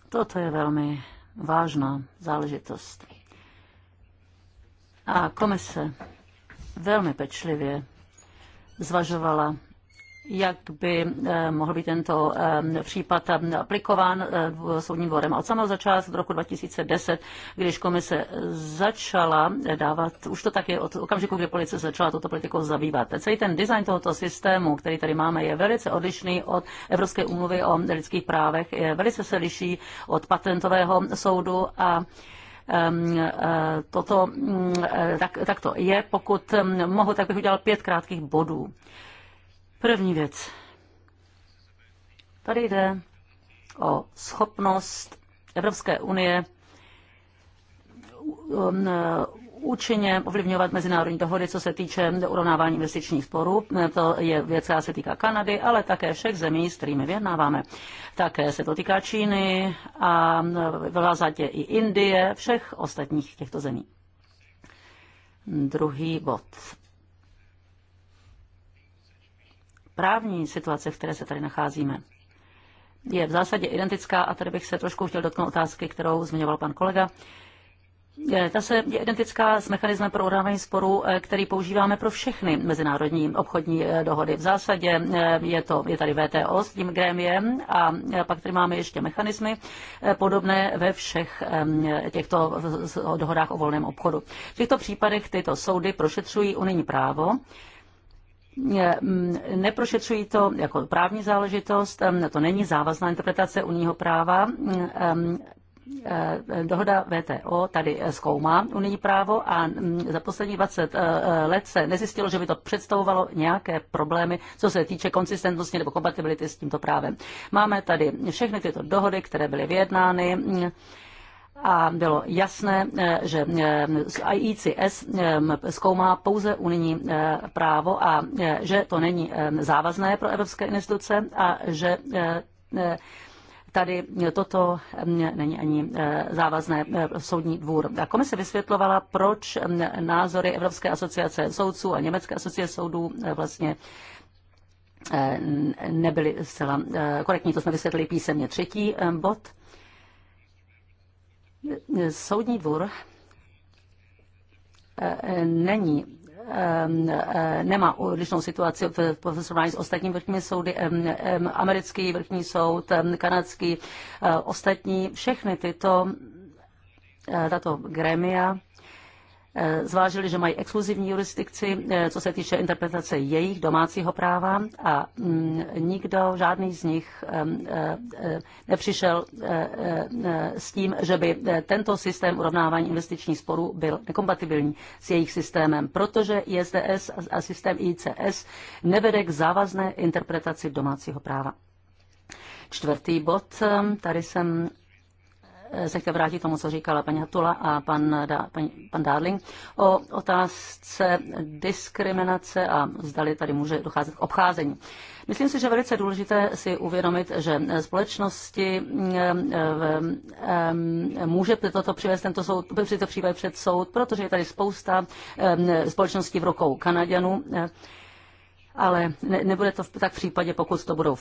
Toto je velmi vážná záležitost. A komise velmi pečlivě zvažovala jak by eh, mohl být tento eh, případ eh, aplikován soudním dvorem. Od samého začátku roku 2010, když komise začala dávat, už to tak je od okamžiku, kdy policie začala toto politiku zabývat. Celý ten design tohoto systému, který tady máme, je velice odlišný od Evropské úmluvy o lidských právech, je velice se liší od patentového soudu a toto mm, tak, tak to je. Pokud mm, mohu, tak bych udělal pět krátkých bodů. První věc. Tady jde o schopnost Evropské unie um, uh, účinně ovlivňovat mezinárodní dohody, co se týče urovnávání investičních sporů. To je věc, která se týká Kanady, ale také všech zemí, s kterými vyjednáváme. Také se to týká Číny a v zásadě i Indie, všech ostatních těchto zemí. Druhý bod. právní situace, v které se tady nacházíme, je v zásadě identická a tady bych se trošku chtěl dotknout otázky, kterou zmiňoval pan kolega. Ta se je identická s mechanismem pro urávání sporů, eh, který používáme pro všechny mezinárodní obchodní eh, dohody. V zásadě eh, je, to, je tady VTO s tím grémiem a pak tady máme ještě mechanismy podobné ve všech těchto dohodách o volném obchodu. V těchto případech tyto soudy prošetřují unijní právo Mm, neprošetřují to jako právní záležitost, mm, to není závazná interpretace unijního práva. Mm, e, e, dohoda VTO tady zkoumá unijní právo a za poslední 20 e, let se nezjistilo, že by to představovalo nějaké problémy, co se týče konsistentnosti nebo kompatibility s tímto právem. Máme tady všechny tyto dohody, které byly vyjednány a bylo jasné, eh, že eh, IICS e eh, zkoumá pouze unijní právo a že to není závazné pro evropské instituce a že tady toto není ani závazné soudní dvůr. A komise vysvětlovala, proč názory Evropské asociace soudců a Německé asociace soudů vlastně nebyly zcela korektní. To jsme vysvětlili písemně. Třetí bod – Soudní dvůr eh, není eh, eh, nemá odlišnou situaci v srovnání s ostatními vrchními soudy. Americký vrchní soud, kanadský, ostatní, všechny tyto tato gremia. Eh, zvážili, že mají exkluzivní jurisdikci, eh, co se týče interpretace jejich domácího práva a mm, nikdo, žádný z nich eh, nepřišel s tím, že by tento systém urovnávání investičních sporů byl nekompatibilní s jejich systémem, protože ISDS a systém ICS nevede k závazné interpretaci domácího práva. Čtvrtý bod, tady jsem se chtěl vrátit tomu, co říkala paní Hatula a pan, da, pan, pan Darling o otázce diskriminace a zdali tady může docházet k obcházení. Myslím si, že velice důležité si uvědomit, že společnosti může toto přivést tento soud, při to přivést před soud, protože je tady spousta společností v rukou Kanaděnů, ale ne, nebude to v, tak v případě, pokud to budou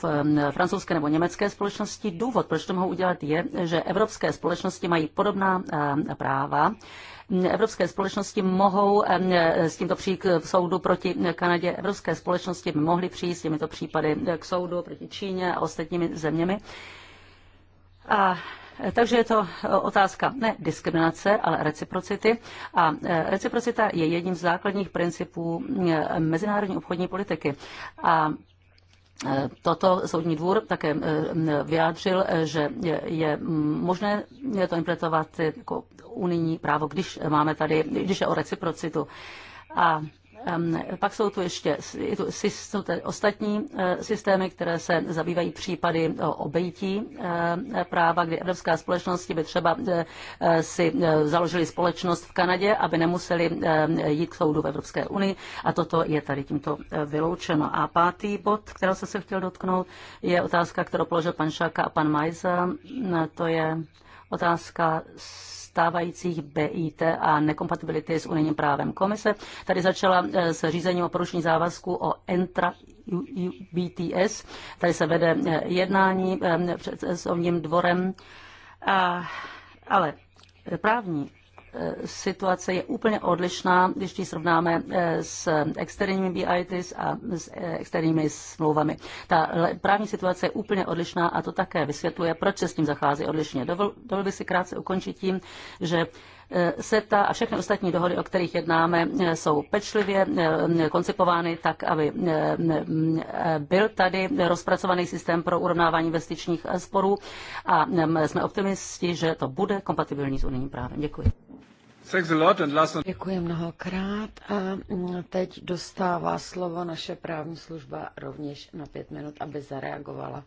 francouzské nebo německé společnosti. Důvod, proč to mohou udělat, je, že evropské společnosti mají podobná práva evropské společnosti mohou s tímto přijít k soudu proti Kanadě. Evropské společnosti by mohly přijít s těmito případy k soudu proti Číně a ostatními zeměmi. A takže je to e, otázka ne diskriminace, ale reciprocity. A e, reciprocita je jedním z základních principů e, mezinárodní obchodní politiky. A Toto soudní dvůr také vyjádřil, že je, možné to implementovat jako unijní právo, když máme tady, když je o reciprocitu. A Ehm, pak jsou tu ještě jsou tu ostatní eh, systémy, které se zabývají případy eh, obejití eh, práva, kdy evropská společnosti by třeba si založili společnost v Kanadě, aby nemuseli jít k soudu v Evropské unii a toto je tady tímto vyloučeno. A pátý bod, kterého jsem se chtěl dotknout, je otázka, kterou položil pan Šáka a pan Majza. To je otázka stávajících BIT a nekompatibility s unijním právem. Komise tady začala s řízením o porušení závazku o entra BTS. Tady se vede jednání před ovním dvorem. A, ale právní Eh, situace je úplně odlišná, když ji srovnáme eh, s externími BITs a s eh, externími smlouvami. Ta právní situace je úplně odlišná a to také vysvětluje, proč se s tím zachází odlišně. Dovol, dovol bych si krátce ukončit tím, že SETA a všechny ostatní dohody, o kterých jednáme, jsou pečlivě eh, eh, koncipovány tak, aby eh, byl tady rozpracovaný systém pro urovnávání investičních sporů a jsme optimisti, že to bude kompatibilní s unijním právem. Děkuji. Děkuji mnohokrát a mm, teď dostává slovo naše právní služba rovněž na pět minut, aby zareagovala.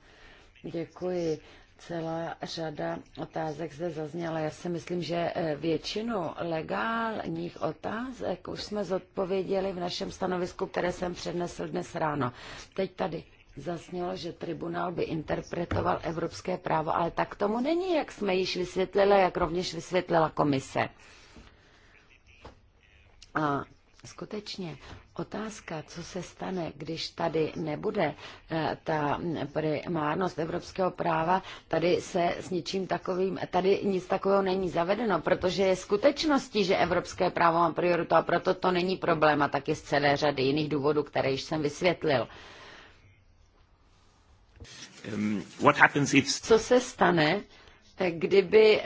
Děkuji. Celá řada otázek zde zazněla. Já si myslím, že eh, většinu legálních otázek už jsme zodpověděli v našem stanovisku, které jsem přednesl dnes ráno. Teď tady Zasnělo, že tribunál by interpretoval evropské právo, ale tak tomu není, jak jsme již vysvětlili, jak rovněž vysvětlila komise. A Skutečně otázka, co se stane, když tady nebude eh, ta primárnost evropského práva, tady se s ničím takovým, tady nic takového není zavedeno, protože je skutečností, že evropské právo má prioritu a proto to není problém a taky z celé řady jiných důvodů, které již jsem vysvětlil. Um, what happens if... Co se stane, kdyby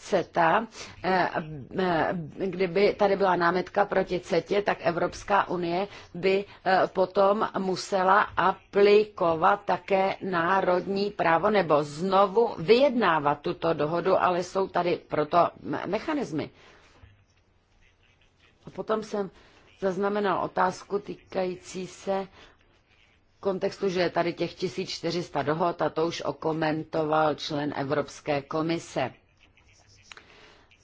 CETA, eh, eh, eh, kdyby tady byla námitka proti CETě, tak Evropská unie by potom musela aplikovat také národní právo nebo znovu vyjednávat tuto dohodu, ale jsou tady proto mechanismy. Potom jsem zaznamenal otázku týkající se kontextu, že je tady těch 1400 dohod a to už okomentoval člen Evropské komise.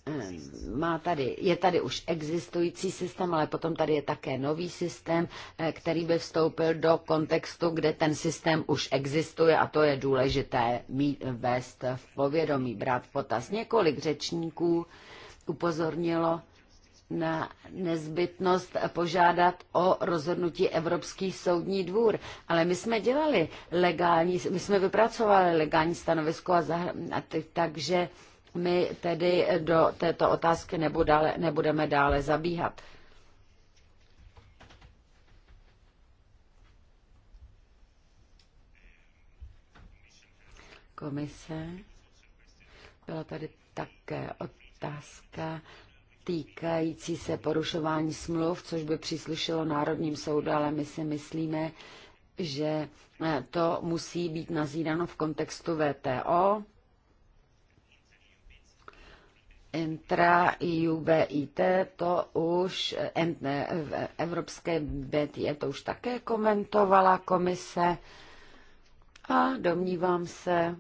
Ehm, má tady, je tady už existující systém, ale potom tady je také nový systém, eh, který by vstoupil do kontextu, kde ten systém už existuje a to je důležité mít, vést v povědomí, brát v potaz. Několik řečníků upozornilo na nezbytnost požádat o rozhodnutí Evropský soudní dvůr. Ale my jsme dělali legální, my jsme vypracovali legální stanovisko, a zahr- a t- takže my tedy do této otázky nebudale, nebudeme dále zabíhat. Komise. Byla tady také otázka týkající se porušování smluv, což by příslušilo Národním soudu, ale my si myslíme, že eh, to musí být nazíráno v kontextu VTO, intra IUBIT, to už eh, eh, v Evropské BTE to už také komentovala komise a domnívám se,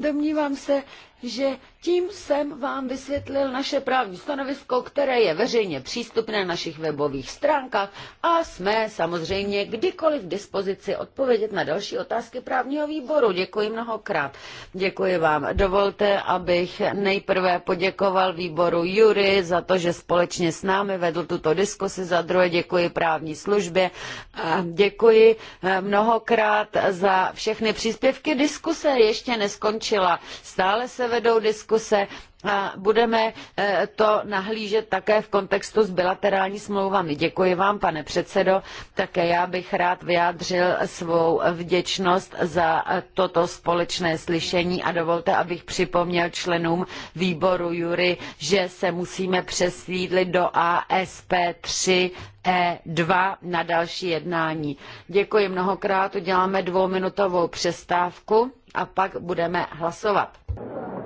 Domnívám se, že tím jsem vám vysvětlil naše právní stanovisko, které je veřejně přístupné na našich webových stránkách a jsme samozřejmě kdykoliv v dispozici odpovědět na další otázky právního výboru. Děkuji mnohokrát. Děkuji vám. Dovolte, abych nejprve poděkoval výboru Jury za to, že společně s námi vedl tuto diskusi. Za druhé děkuji právní službě. A děkuji eh, mnohokrát za všechny příspěvky. Diskuse ještě neskončila. Stále se vedou diskuse diskuse a budeme eh, to nahlížet také v kontextu s bilaterální smlouvami. Děkuji vám, pane předsedo. Také já bych rád vyjádřil svou vděčnost za eh, toto společné slyšení a dovolte, abych připomněl členům výboru Jury, že se musíme přesídlit do ASP 3 E2 na další jednání. Děkuji mnohokrát, uděláme dvouminutovou přestávku a pak budeme hlasovat.